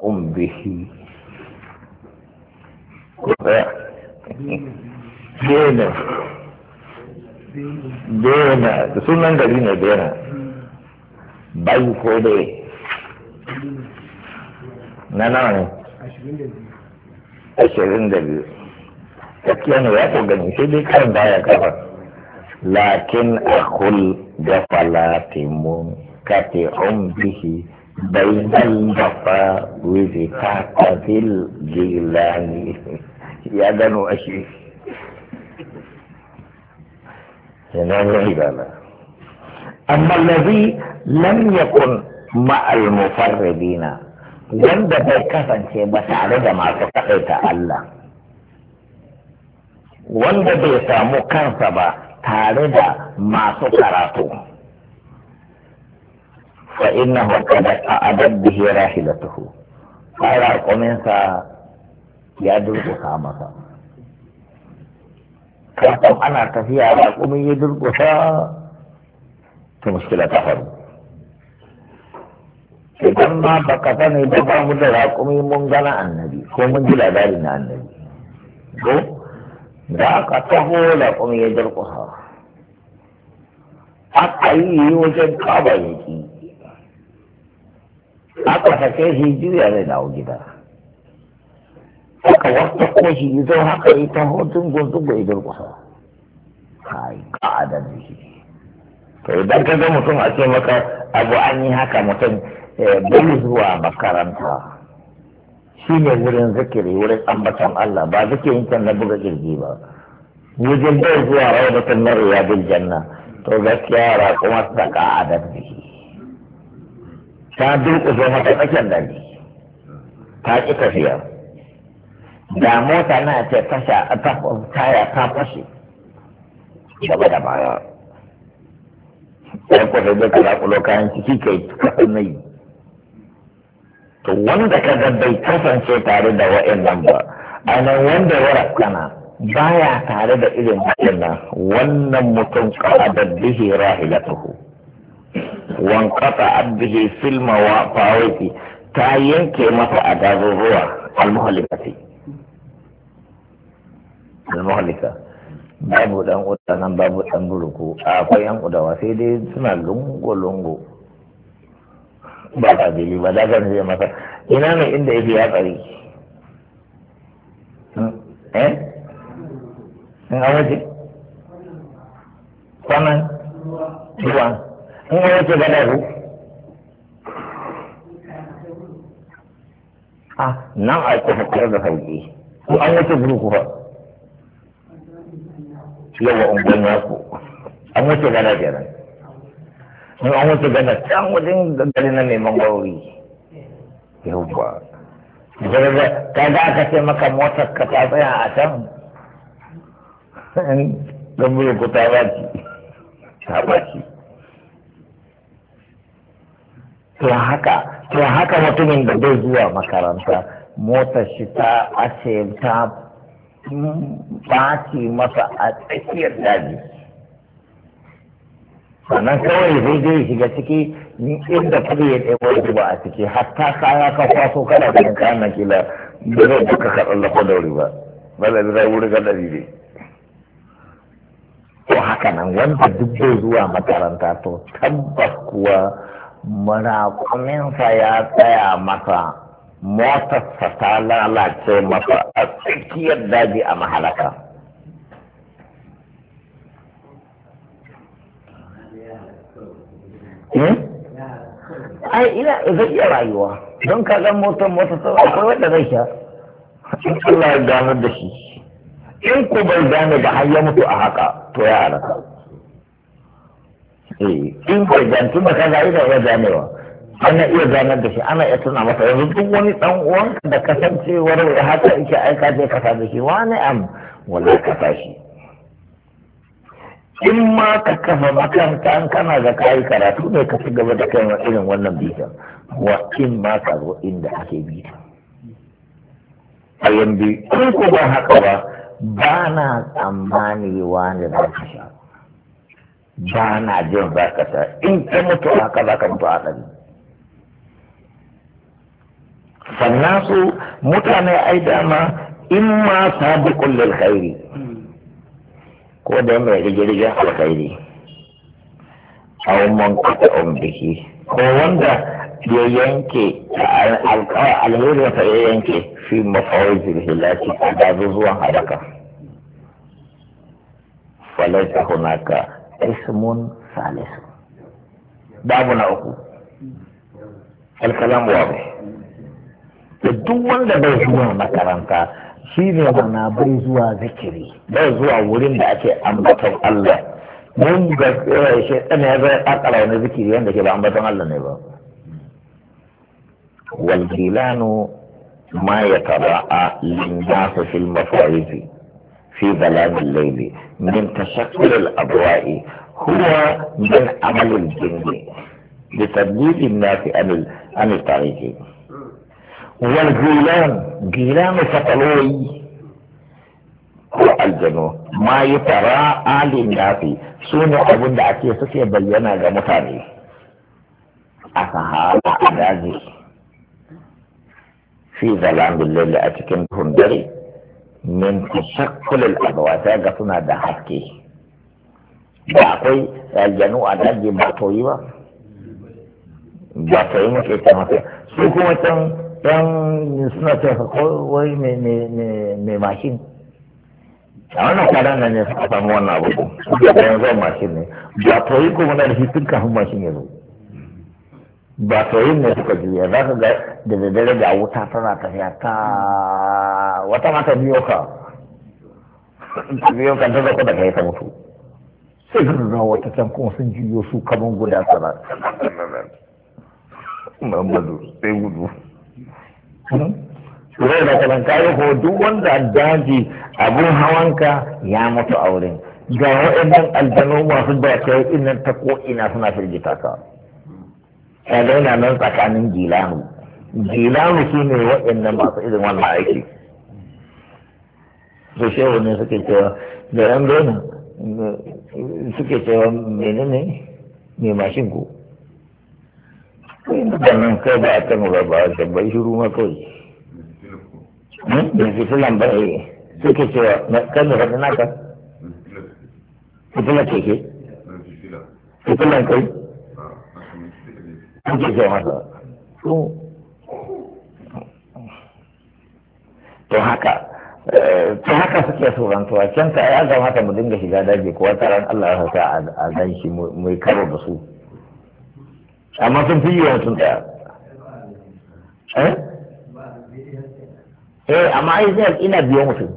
um bihi bena bena da sunan gari ne bena bai ko dai na nawa ne ne ya ko gani sai dai kan baya kafa lakin akul da falatimun bihi بيتاً جفا وفتاقة الجيلان يا دنو أشي أما الذي لم يكن مع المفردين وند بيكاثن شيء بس على ما تقعت الله وند بيسامو كنسبة تارد ما تقراتون فإنه قد أعدت به راحلته قال قمنسا يدرك سامسا kafin ana tafiya da kuma ya durkusa ta muskila ta faru idan ma ba ka ba mu da raƙumi mun gana annabi ko mun labari na annabi ko da aka taho raƙumi ya durkusa aka yi wajen kaba yaki aka sake shi juya zai dawo gida aka wata ko shi zo haka yi ta hotun gunzungu idan kusa kai ka'adar da shi to idan ka ga mutum a ce maka abu an yi haka mutum eh, bai zuwa makaranta shi ne wurin zikiri wurin ambatan Allah ba yin can na buga kirji ba wajen bai zuwa rawatun na riyadul janna to gaskiya ra kuma ta ka'adar da shi ta durƙusa mata da ne ta ƙi tafiya da mota na ce tasha taya ta fashe gaba da baya ɗan kwasar da kala kulo kayan ciki kai kasan nai to wanda ka ga bai kasance tare da nan ba a nan wanda ya rakana baya tare da irin nan, wannan mutum ƙa'adar bihi rahilatuhu wankata abdihi fil mawaqi ta yanke masa a garuruwa al-muhallikati al-muhallika babu dan uta nan babu dan buruku akwai yan udawa sai dai suna lungo lungo ba ta dili ba da gani sai masa ina ne inda yake ya tsari eh in awaje sanan ruwa kuma yake gada ku a nan a ku hakar da sauki ko an wuce guru ku fa yawa ungon an wuce gada kenan in an wuce gada can wajen gari na mai mangwarori yawa ka ga aka ce maka motar ka ta tsaya a can in ku ta baki ta baki to haka to haka mutumin da bai zuwa makaranta motar shi ta ace ta baci masa a tsakiyar daji sannan kawai zai je shiga ciki ni inda kuɗi ya ɗaya wani ba a ciki hatta kaya ka kwaso kana ganin kayan nan kila ba zai duka ka tsallaka da wuri ba bala zai wuri ga ɗari ne to haka nan wanda duk bai zuwa makaranta to tabbas kuwa marakuminsa ya tsaya masa motarsa ta lalace masa a tsakiyar daji a mahalaka hmm? ai ina zai iya rayuwa don ka ga motar motar ta akwai wadda zai sha in Allah ya gano da shi in ku bai gane da har ya mutu a haka to ya halaka Eh, in bai jantu ka zai da iya wa ana iya ganar da shi ana iya tuna masa yanzu duk wani dan uwanka da kasancewar ya haka yake aika zai kasa da shi wani am wala ka tashi in ma ka kafa makaranta an kana da kayi karatu ne ka ci gaba da kai irin wannan bitan wa in ma ka zo inda ake bita a yanzu in ko ba haka ba ba na tsammani wani da ka sha ba na jin za ka ta in ka mutu haka za ka mutu a ɗari sannan su mutane ai dama in ma sabi kullum khairi ko da mai rigirgin alkhairi aw man qata biki ko wanda ya yanke alherin ta ya yanke fi mafawajil hilaki da zuwan hadaka falaita hunaka ismun salis babu na uku alkalam da duk wanda bai zuwa makaranta shi ne na bai zuwa zikiri bai zuwa wurin da ake ambaton Allah mun ga shi ɗan ya zai akala wani zikiri wanda ke ba ambaton Allah ne ba wal gilanu ma ya tara a linjasa fil mafarisi في ظلام الليل من تشكل الأضواء هو من عمل الجن لتبديل الناس عن عن الطريق والجيلان جيلان فتلوي هو الجنو ما يتراءى للناس سوني أبن دعكي سكي بيانا لمتاني أفهذا أدازي في ظلام الليل أتكنتهم دري min tashakkul al-adwa ta ga suna da haske da akwai aljanu a daji ba to yi ba ba to yi muke ta masa su kuma can yan suna ta ko wai me me me me mashin a wannan kwanan nan ne suka samu wannan abu ko da zo mashin ne ba to yi kuma da hitin ka hun mashin ya zo ba soyin ne suka juya za ka ga da daddare ga wuta tana tafiya ta a wata mata biyo ka biyo ka ta zaka da kai ta mutu sai ka zuwa wata can kuma sun jiyo su kaman guda sana Muhammadu sai gudu Zai hmm? da kalan kayi ko duk wanda daji abun hawanka ya mutu a wurin. Ga wa'annan aljanu masu da kai inan ta ko ina suna firgita ka. Kaga yana nan tsakanin gilanu. Gilanu su ne waɗannan masu irin wannan aiki. su shehu ne suke cewa da yan gona suke cewa menene mai mashin ku da nan kai ba a kan ba ba da bai shiru ma kawai da hmm? fitilan ba suke cewa kan da faɗi naka fitilan keke fitilan kai suke cewa masa to haka ta haka suke turantuwa can ta ya zama haka mu dinga shiga daji ko wata ran Allah ya haka a gan shi mai karo da su amma sun fi yiwuwa sun tsaya eh? eh amma ai zai ina biyo mutum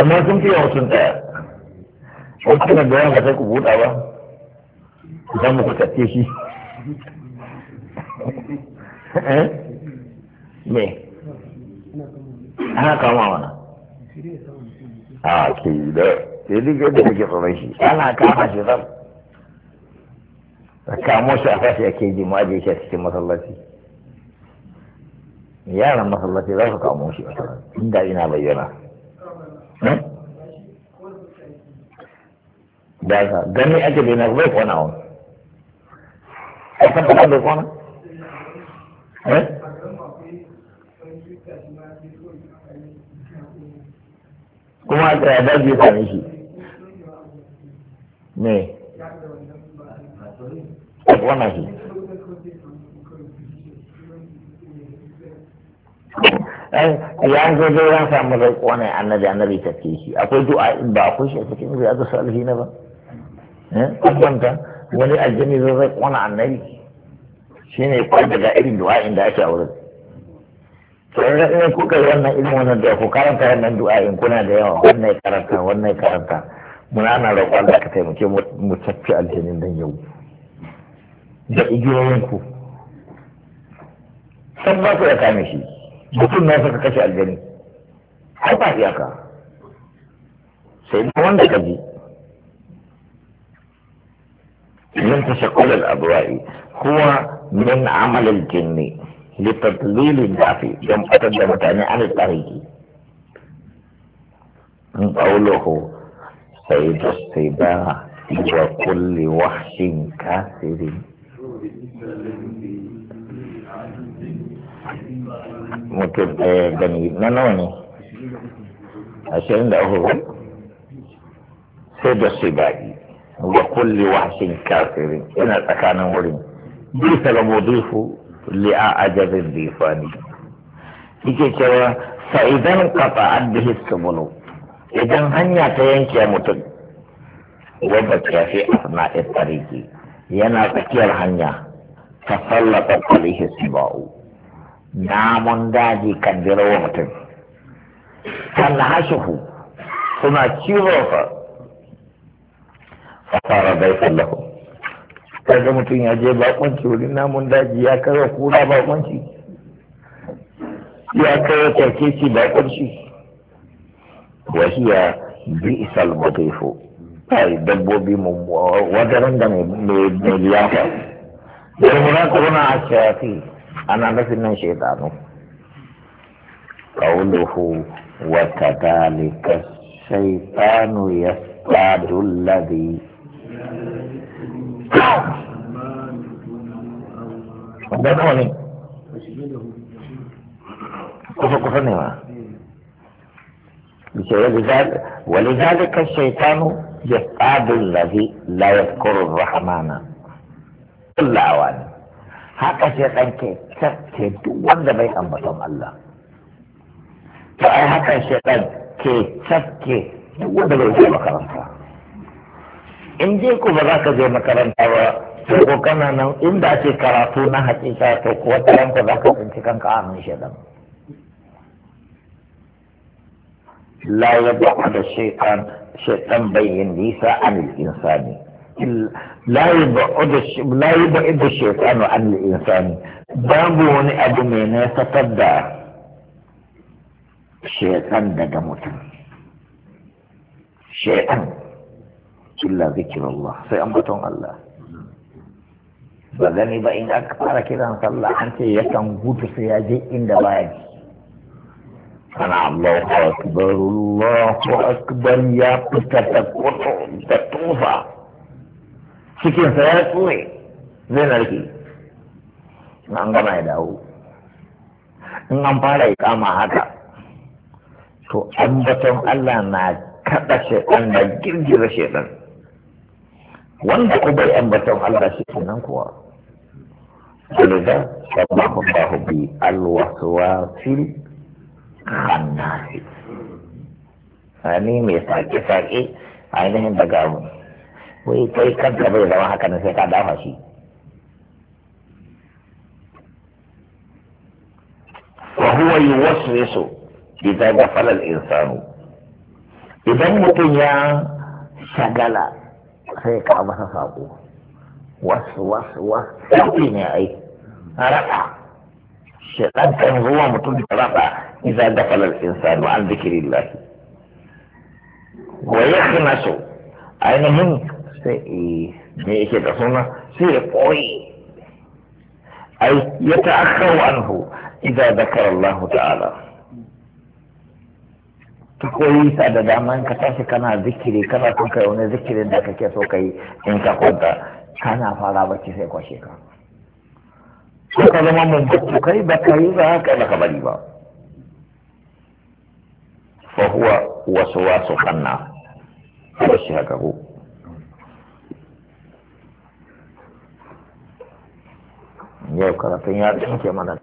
amma sun fi yiwuwa sun tsaya ko kuma da yawan sai ku buɗa ba idan mu ku tafiye shi eh me ana kama mana a ke da ke duk yadda kake tsoron shi ana kama shi zan kamo shi a kashi ake ji maje shi a cikin masallaci yaran masallaci za su kamo shi a sanar inda ina bayyana da ka gani ake bai na bai kwana wani a kan bai kwana kuma da ya daji shi ne a kona shi ya zo dai ya samu rai kona annabi annabi ta ke shi akwai du'a ba akwai shi a cikin zai azu salihi na ba eh, kwanta wani aljani zai zai kona annabi shi ne kwanta ga irin du'a inda ake a wurin to in in kuka yi wannan ilimin wannan da ku karanta wannan du'a in kuna da yawa wannan karanta wannan karanta muna na roƙon Allah ka taimake mu tafi aljinin dan yau da igiyoyin ku san ba ku da kame shi mutum na suka kashe aljani har ba iyaka sai da wanda ka ji من تشكل الأضواء هو من عمل الجن لتضليل الدافي لم تقدمت عن الطريق قوله سيد الصبا وكل وحش كاسر ممكن آه، بني نانوني عشان له سيد الصبا وكل وحش كاسر انا تكانا مولين بيت لو a لأعجب الضيفان yake cewa fa'idan kafa Hiska subulu idan hanya ta yanke mutum wadda ta fi asna tariki yana tsakiyar hanya ta sallata kwalihi Na namun daji kan wa mutum kan hashihu suna ciwon fa Fara bai sallahu kaga ga mutum ya je bakonci wurin namun daji ya kawo kura bakonci ya kawo kyarkeci bakonci wa hiya bi isal mutifu ai dabbobi mu wadaran da mai liyafa yarmuna kuruna a shayafi ana nufin nan shaidanu wa وكذلك shaytanu يصطاد الذي da nawa ne kusa kusa ne ma ولذلك الشيطان يصطاد الذي لا يذكر الرحمن كل أوان haka sai ɗanke ke duk wanda bai ambaton Allah to ai hakan shi ke wanda bai zuwa makaranta in je ku ba za ka je makaranta ba sai ko kana nan inda ake karatu na hakika to ko wata ranka za ka tsinci kanka a hannun shaidan la ya ba da shaitan shaitan bayyin nisa an insani la ya ba da da shaitan an insani babu wani abu mai nesatar da shaitan daga mutum shaitan illa zikirullah sai ambaton Allah ba gani ba in aka fara kiran sallah an ce yakan gudu sai ya je inda baya ji ana Allahu akbar Allahu akbar ya fita ta koto da tufa cikin sa ya tsure zai narke in an gama ya dawo in an fara ya kama haka to ambaton Allah na kaɗa shaidan da girgiza shaidan wanda ku bai ambaton Allah shi kenan kuwa ولذا شبه الله بالوسواس الخناس ni mai sake-sake ainihin daga mu wai kai kanka bai zama haka na sai ka dafa shi wa huwa yuwaswisu idan ghafala al-insanu idan mutum ya shagala سيك عبث صابو وس وس وس سيكين يا عي رفع الشيطان كان هو مطلب رفع إذا دخل الإنسان عن ذكر الله ويخنس أين من سيك تصنع سيك قوي أي يتأخر عنه إذا ذكر الله تعالى ta koyi sa da dama ka tashi kana zikiri kana son kai wani zikirin da kake so kai in ka kwanta kana fara bacci sai kwashe ka ko ka zama bacci kai ba ka yi ba kai ba ka bari ba fa huwa wasu wasu ko shi haka ko yau karatun ya tsinke mana